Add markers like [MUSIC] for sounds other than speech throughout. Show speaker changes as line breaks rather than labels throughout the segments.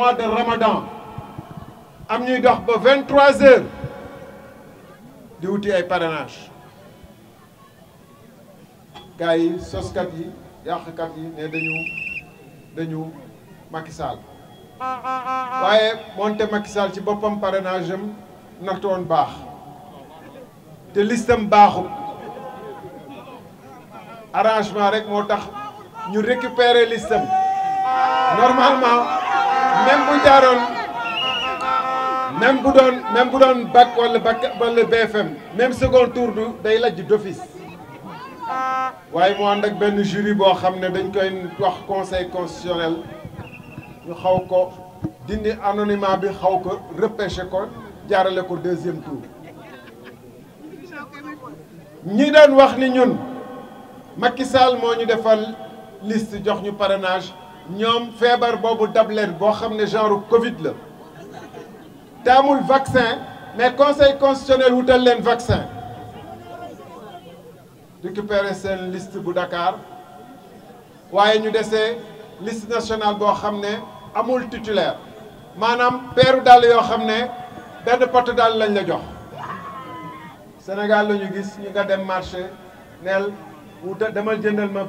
mois de ramadan am ñuy dox ba vingt trois heures di wuti ay parrainage gars yi soskat yi yàqkat yi ne dañu dañu Macky Sall waaye moonte Macky ci boppam parrainage am baax te listam baaxu arrangement rek moo tax ñu récupérer listam normalement même bu jaaroon même bu doon même bu doon BAC wala BAC wala BFM même second tour du day lajj d'office waaye mu ànd ak benn jury boo xam ne dañ koy wax conseil constitutionnel ñu xaw ko dindi anonymat bi xaw ko repêché ko jaarale ko deuxième tour ñi doon wax ni ñun Macky Sall moo ñu defal liste jox ñu parrainage ñoom feebar boobu dab leen boo xam ne genre Covid la taamul vaccin mais conseil constitutionnel wutal leen vaccin récupérer seen liste bu Dakar waaye ñu desee liste nationale boo xam ne amul titulaire maanaam peeru dàll yoo xam ne benn pot dàll lañ la jox Sénégal lañu gis ñu nga dem marché neel wutal demal jëndal ma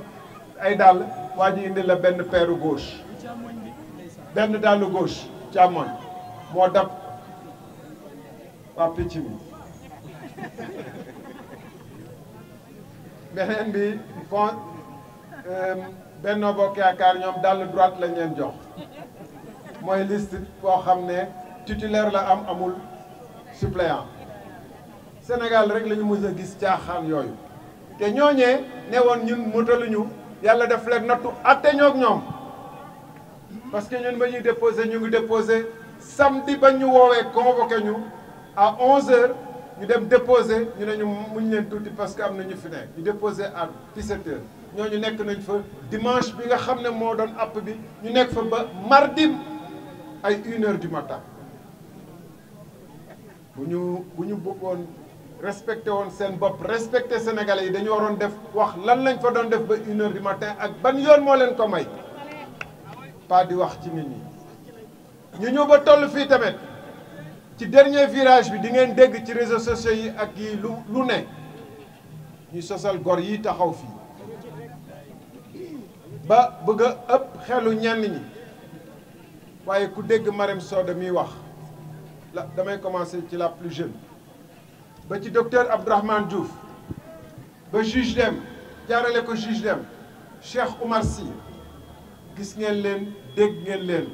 ay dàll waa ji indi la benn peeru gauche benn dàllu gauche càmmoñ moo dab waa picc mi beneen bi kon euh, Benno Bokk Yaakaar ñoom dàllu droite lañ leen jox mooy list boo xam ne titulaire la am amul suppléant Sénégal rek lañu ñu mës gis caaxaan yooyu te ñooñee ne woon ñun mëtaluñu yàlla def leen nattu atte ñoog ñoom parce que ñun ba ñuy déposé ñu ngi déposé samedi ba ñu woowee convoqué ñu à 11h ñu dem déposé ñu ne ñu muñ leen tuuti parce que am na ñu fi nekk ñu déposé à 17 ñoo ñu nekk nañ fa dimanche bi nga xam ne moo doon app bi ñu nekk fa ba mardi ay 1h du matin bu ñu bu ñu bëggoon. respecté woon seen bopp respecté sénégalais yi dañu waroon def wax lan lañ ko doon def ba une di du matin ak ban yoon moo leen ko may pas di wax ci nit ñi ñu ñëw ba toll fii tamit ci dernier virage bi di ngeen dégg ci réseaux sociaux yi ak yi lu lu ne ñu sosal gor yi taxaw fii ba bëgg a ëpp xelu ñenn ñi waaye ku dégg Marème Soda miy wax la damay commencer ci la plus jeune ba ci docteur Abdourahmane Diouf ba juge dem ko juge dem Cheikh Oumar gis ngeen leen dégg ngeen leen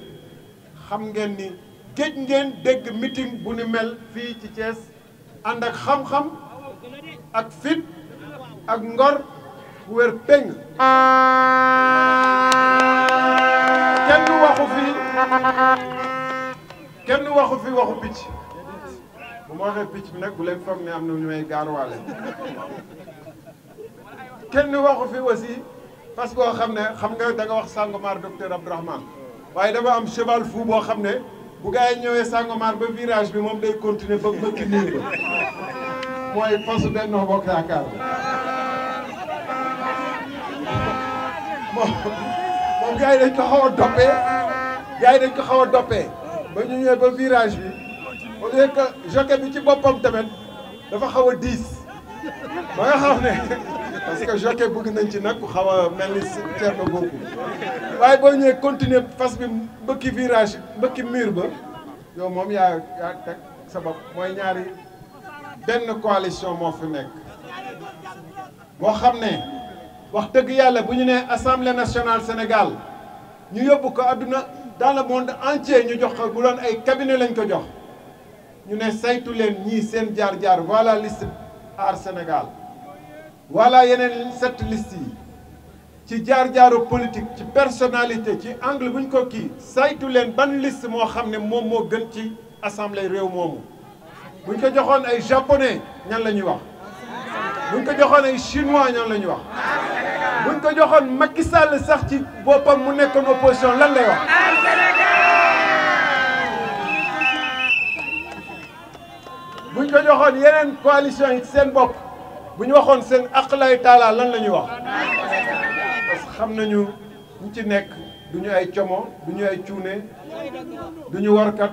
xam ngeen ni géej ngeen dégg meeting bu ni mel fii ci Thiès ànd ak xam-xam ak fit ak ngor bu wér péng kenn waxu fi kenn waxu fi waxu picc bu ma picc bi nag bu leen foog ne am na ñu may gaaruwaale kenn waxu fi aussi parce que xam ne xam nga da nga wax Sangomar docteur Abdourahmane waaye dafa am cheval fou boo xam ne bu gars yi ñëwee Sangomar ba virage bi moom day continuer ba bëgg nii ba mooy fasu Benno Bokk Yaakaar moom moom gars dañ ko xaw a doppee gars dañ ko xaw a doppee ba ñu ñëwee ba virage bi au lieu que bi ci boppam tamit dafa xaw a diis ba nga xam ne [LAUGHS] parce que jockey bëgg nañ ci nag ku xaw a mel ni Thierno Bocoum waaye boo ñëwee continuer fas bi mbëkki virage mbëkki mur ba yow moom yaa yaa teg sa bopp mooy ñaari benn coalition moo fi nekk boo xam ne wax dëgg yàlla bu ñu nee assemblée national Sénégal ñu yóbbu ko àdduna daal le monde entier ñu jox ko bu doon ay cabinet lañ ko jox ñu ne saytu leen ñii seen jaar-jaar voilà liste aar Sénégal voilà yeneen sept liste yi ci jaar jaaro politique ci personnalité ci angle bu ñu ko kii saytu leen ban liste moo xam ne moom moo gën ci assemblée réew moomu bu ñu ko joxoon ay japonais ñan la ñuy wax bu ñu ko joxoon ay chinois ñan la ñuy wax bu ñu ko joxoon Macky Sall sax ci boppam mu nekkoon opposition lan lay buñ ko joxoon yeneen coalition yi seen bopp bu ñu waxoon seen aqlay taala lan lañuy wax parce xam nañu ñu ci nekk du ñu ay como du ñu ay cuune du ñu warkat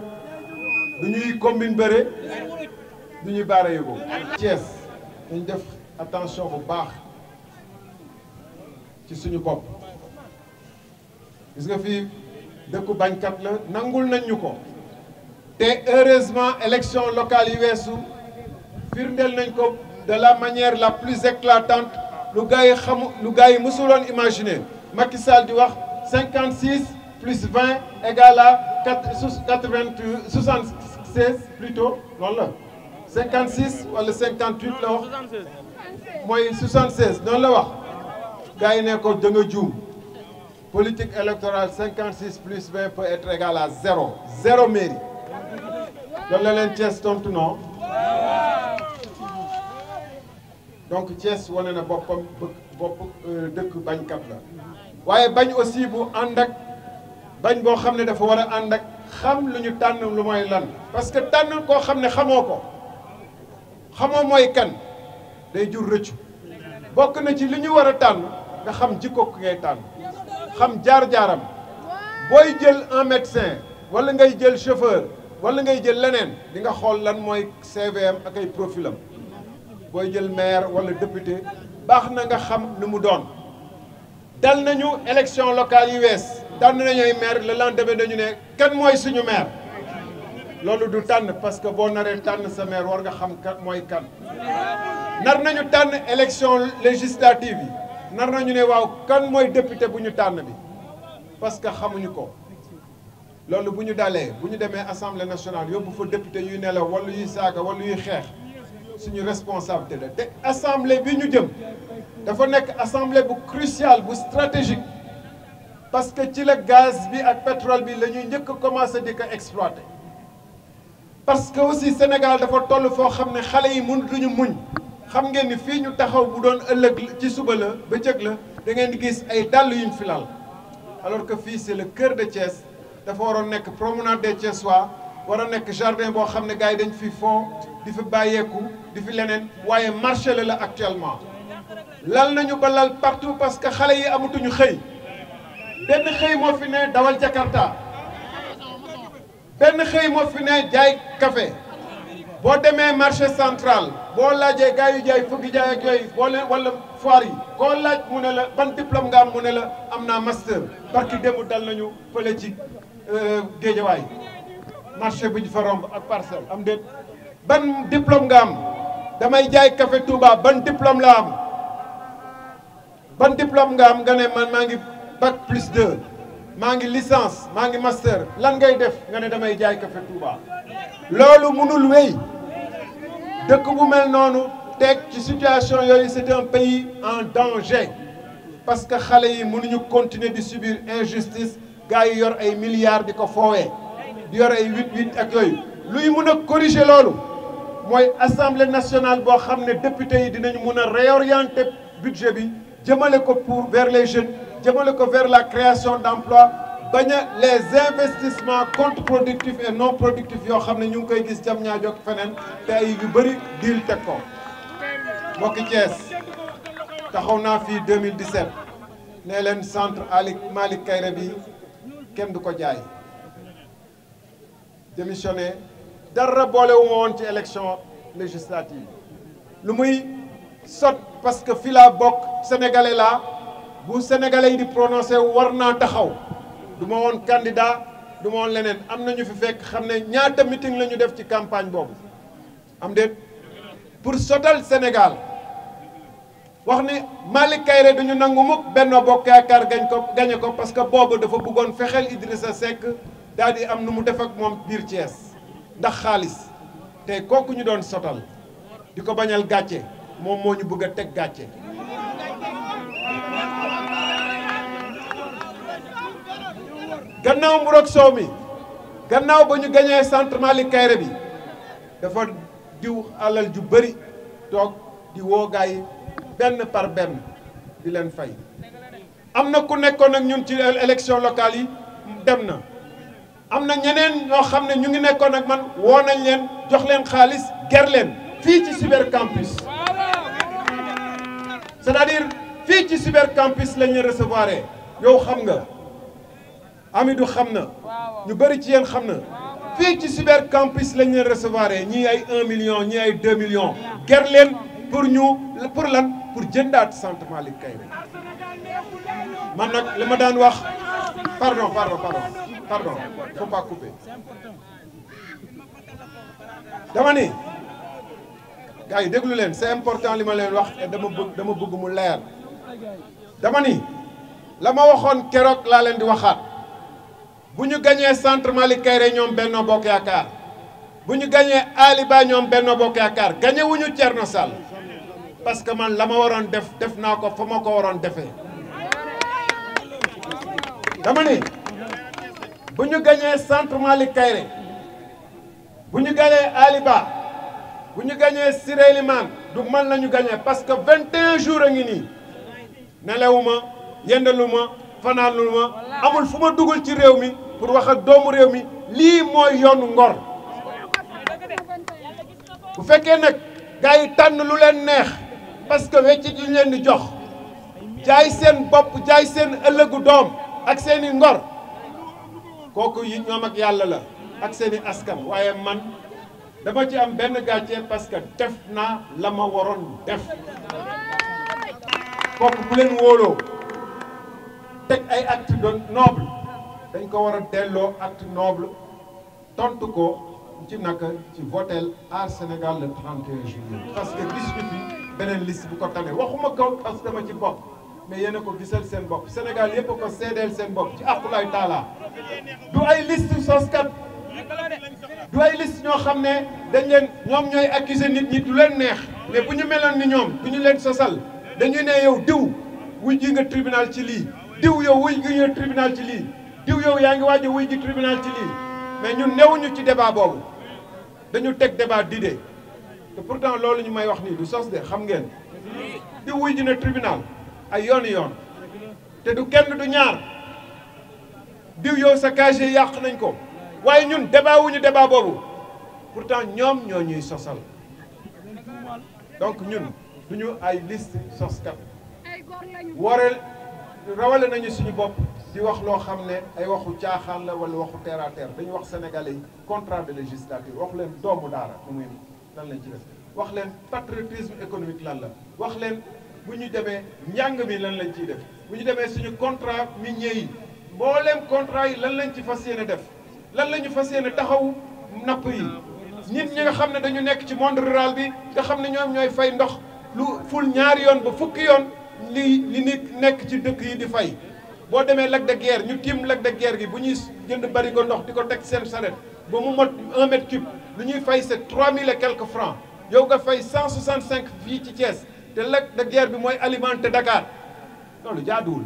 du ñuy combine bëre du ñuy baara yóbbu. Thiès dañ def attention bu baax ci suñu bopp gis nga fii dëkku bañkat la nangul nañ ñu ko. te heureusement élection locale yi weesu firndeel nañ ko de la manière la plus éclatante lu gars yi xamu lu gars yi mësuloon imaginer Macky di wax 56 plus 20 égale à 88 76 plutôt loolu la 56 wala 58 la wax mooy 76 noonu la wax gars yi ne ko da nga juum politique électorale 56 plus 20 peut être égal à zéro zéro mairie loolu leen Thiès tontu non donc cees wane na boppam bopp euh, dëkk bañkat la waaye bañ aussi bu ànd bañ boo xam ne dafa war a ànd ak xam lu ñu tànn lu mooy lan. parce que tànn koo xam ne xamoo ko xamoo mooy kan day jur rëccu bokk na ci li ñu war a tànn nga xam jikko ki ngay tànn xam jaar-jaaram booy jël un médecin wala ngay jël chauffeur. wala ngay jël leneen di nga xool lan mooy CVM ak ay profilam booy jël maire wala député baax na nga xam lu mu doon dal nañu élection locale yi wees tànn nañu ay maire le lendemain dañu ne kan mooy suñu maire loolu du tànn parce que boo naree tànn sa maire war nga xam kan mooy kan nar nañu tànn élection législative yi nar nañu ne waaw kan mooy député bu ñu tànn bi parce que xamuñu ko loolu bu ñu dalee bu ñu demee assemblée nationale yóbbu fa député yuy nelaw wala yuy saaga wala yuy xeex suñu responsabilité la te assemblée bi ñu jëm dafa nekk assemblée bu cruciale bu stratégique parce que ci la gaz bi ak pétrole bi la ñuy njëkk a commencé di ko exploité parce que aussi Sénégal dafa toll foo xam ne xale yi mun duñu muñ xam ngeen ni fii ñu taxaw bu doon ëllëg ci suba la ba bëccëg la da ngeen di gis ay dàll yuñ filal alors que fii c'est le cœur de dafa waroon nekk promenade des Thiessois war nekk jardin boo xam ne gars yi dañ fi fond di fi bàyyeeku di fi leneen waaye marché la la actuellement lal nañu ba lal partout parce que xale yi amatuñu xëy benn xëy moo fi ne dawal Jakarta benn xëy moo fi ne jaay kafe boo demee marché central boo laajee gars yu jaay fukki jaay ak yooyu boo leen wala foire yi koo laaj mu ne la ban diplôme nga am mu ne la am naa master barki démb dal nañu fële ci Euh, géejawaay marché bu ñu fa romb ak parcelle am déet ban diplôme nga am damay jaay café Touba ban diplôme la am ban diplôme nga am nga ne man maa ngi bac plus 2 maa ngi licence maa ngi master lan ngay def nga ne damay jaay kafe Touba loolu mënul wéy dëkk bu mel noonu teg ci situation yooyu c'est un pays en danger parce que xale yi mënuñu continuer di subir injustice gars yi yor ay milliards bi ko foowee di yor ay huit huit ak yooyu luy mun a corriger loolu mooy assemblée nationale boo xam ne député yi dinañ mun a réorienter budget bi jëmale ko pour vers les jeunes jëmale ko vers la création d'emplois bañ a les investissements contre-productifs et non productifs yoo xam ne ñu ngi koy gis jam ñaa jog feneen te ay yu bëri diil teg ko mbokki Thiès taxaw naa fii 2017 nee leen centre Ali Malick Kayre bi kenn du ko jaay démissionné dara boolewu ma woon ci élection législative lu muy sot parce que fi laa bokk sénégalais laa bu sénégalais yi di prononcé war naa taxaw du ma woon candidat du woon leneen am na ñu fi fekk xam ne ñaata meeting la ñu def ci campagne boobu am déet pour sotal Sénégal wax ni Malick Kayre dañu nangu mukk Benno Bokk Yaakaar gañ ko gañe ko parce que boobu dafa bëggoon fexeel Idrissa Seck daal di am nu mu def ak moom biir cees ndax xaalis tey kooku ñu doon sotal di ko bañal gàcce moom moo ñu bëgg a teg gàcce gannaaw mburoog soow mi gannaaw ba ñu gañee centre Malick Kayre bi dafa diw alal ju bari toog di woo gaay benn par benn di leen fay am na ku nekkoon ak ñun ci élection locale yi dem na am na ñeneen ñoo xam ne ñu ngi nekkoon nag man woo nañ leen jox leen xaalis ger leen fii ci cyber campus c'est-à-dire fii ci super campus lañ leen recevoir yow xam nga Amidou xam na ñu bëri ci yeen xam na fii ci cyber campus lañ leen recevoir ñii ay 1 million ñii ay 2 millions ger leen pour ñu pour lan pour jëndaat centre Malick Kaïré man nag li ma daan wax pardon pardon pardon pardon faut dama ni gars yi déglu leen c'est important li ma leen wax et dama bëgg dama bëgg mu leer dama ni la ma waxoon keroog laa leen di waxaat bu ñu gañee centre Malick Kaïré ñoom Benno Bokk Yaakaar bu ñu gañee Aliba ñoom Benno Bokk Yaakaar gañewuñu Thierno Sall parce que man la ma waroon def def naa ko fa ma ko waroon defee dama ni bu ñu gañee centre Malick Kayre bu ñu gañee Aliba bu ñu gañee Siré Limane du man la gañee parce que 21 jours a ngi nii nelewuma yendaluma fanaanuma amul fu ma dugal ci réew mi pour wax ak doomu réew mi lii mooy yoonu ngor bu fekkee nag gars tànn lu leen neex parce que weccit yi ñu leen di jox jaay seen bopp jaay seen ëllëgu doom ak seeni ngor kooku yi ñoom ak yàlla la ak seeni askan waaye man dama ci am benn gàcce parce que def naa la ma waroon def kooku bu leen wóoloo teg ay acte de noble dañ ko war a delloo acte noble tontu ko ci naka ci votel Aar Sénégal le 31 juillet parce que beneen liste bu ko tane waxuma kaw parce que dama ci bopp mais yéen ko gisal seen bopp Sénégal yëpp a ko seedeel seen bopp ci aqulay taala du ay liste soskat du ay liste ñoo xam ne dañ leen ñoom ñooy accuser nit ñi du leen neex mais bu ñu meloon ni ñoom du ñu leen sosal dañuy ne yow diw wuy ji nga tribunal ci lii diw yow wuy gi nga tribunal ci lii diw yow yaa ngi waaj a wuy ji tribunal ci lii mais ñun newuñu ci débat boobu dañu teg débat d'idées te pourtant loolu ñu may wax nii du sos de xam ngeen di wuy ji ne tribunal ay yoon yoon te du kenn du ñaar diw yow sa casier yàq nañ ko waaye ñun débat wuñu débat boobu pourtant ñoom ñoo ñuy sosal donc ñun duñu ay liste soskat wareel rawale nañu suñu bopp di wax loo xam ne ay waxu caaxaan la wala waxu terre à dañu wax sénégalais yi contrat de législature waxu leen doomu daara nu muy lan lañ ci def wax leen patriotisme économique lan la wax leen bu ñu demee njàng mi lan lañ ciy def bu ñu demee suñu contrat minier yi mboolem contrat yi lan lañ ci fas yéene def lan la ñu fas yéene taxaw napp yi nit ñi nga xam ne dañu nekk ci monde rural bi nga xam ne ñoom ñooy fay ndox lu ful ñaari yoon ba fukki yoon li li nit nekk ci dëkk yi di fay boo demee Lac de Guiers ñu tiim Lac de Guiers gi bu ñuy jënd bari ko ndox di ko teg seen saret ba mu mot un mètre cube lu ñuy fay c'est trois mille et quelques francs yow nga fay cent soixante cinq fii ci Thiès te lac de guerre bi mooy alimenter Dakar loolu jaaduwul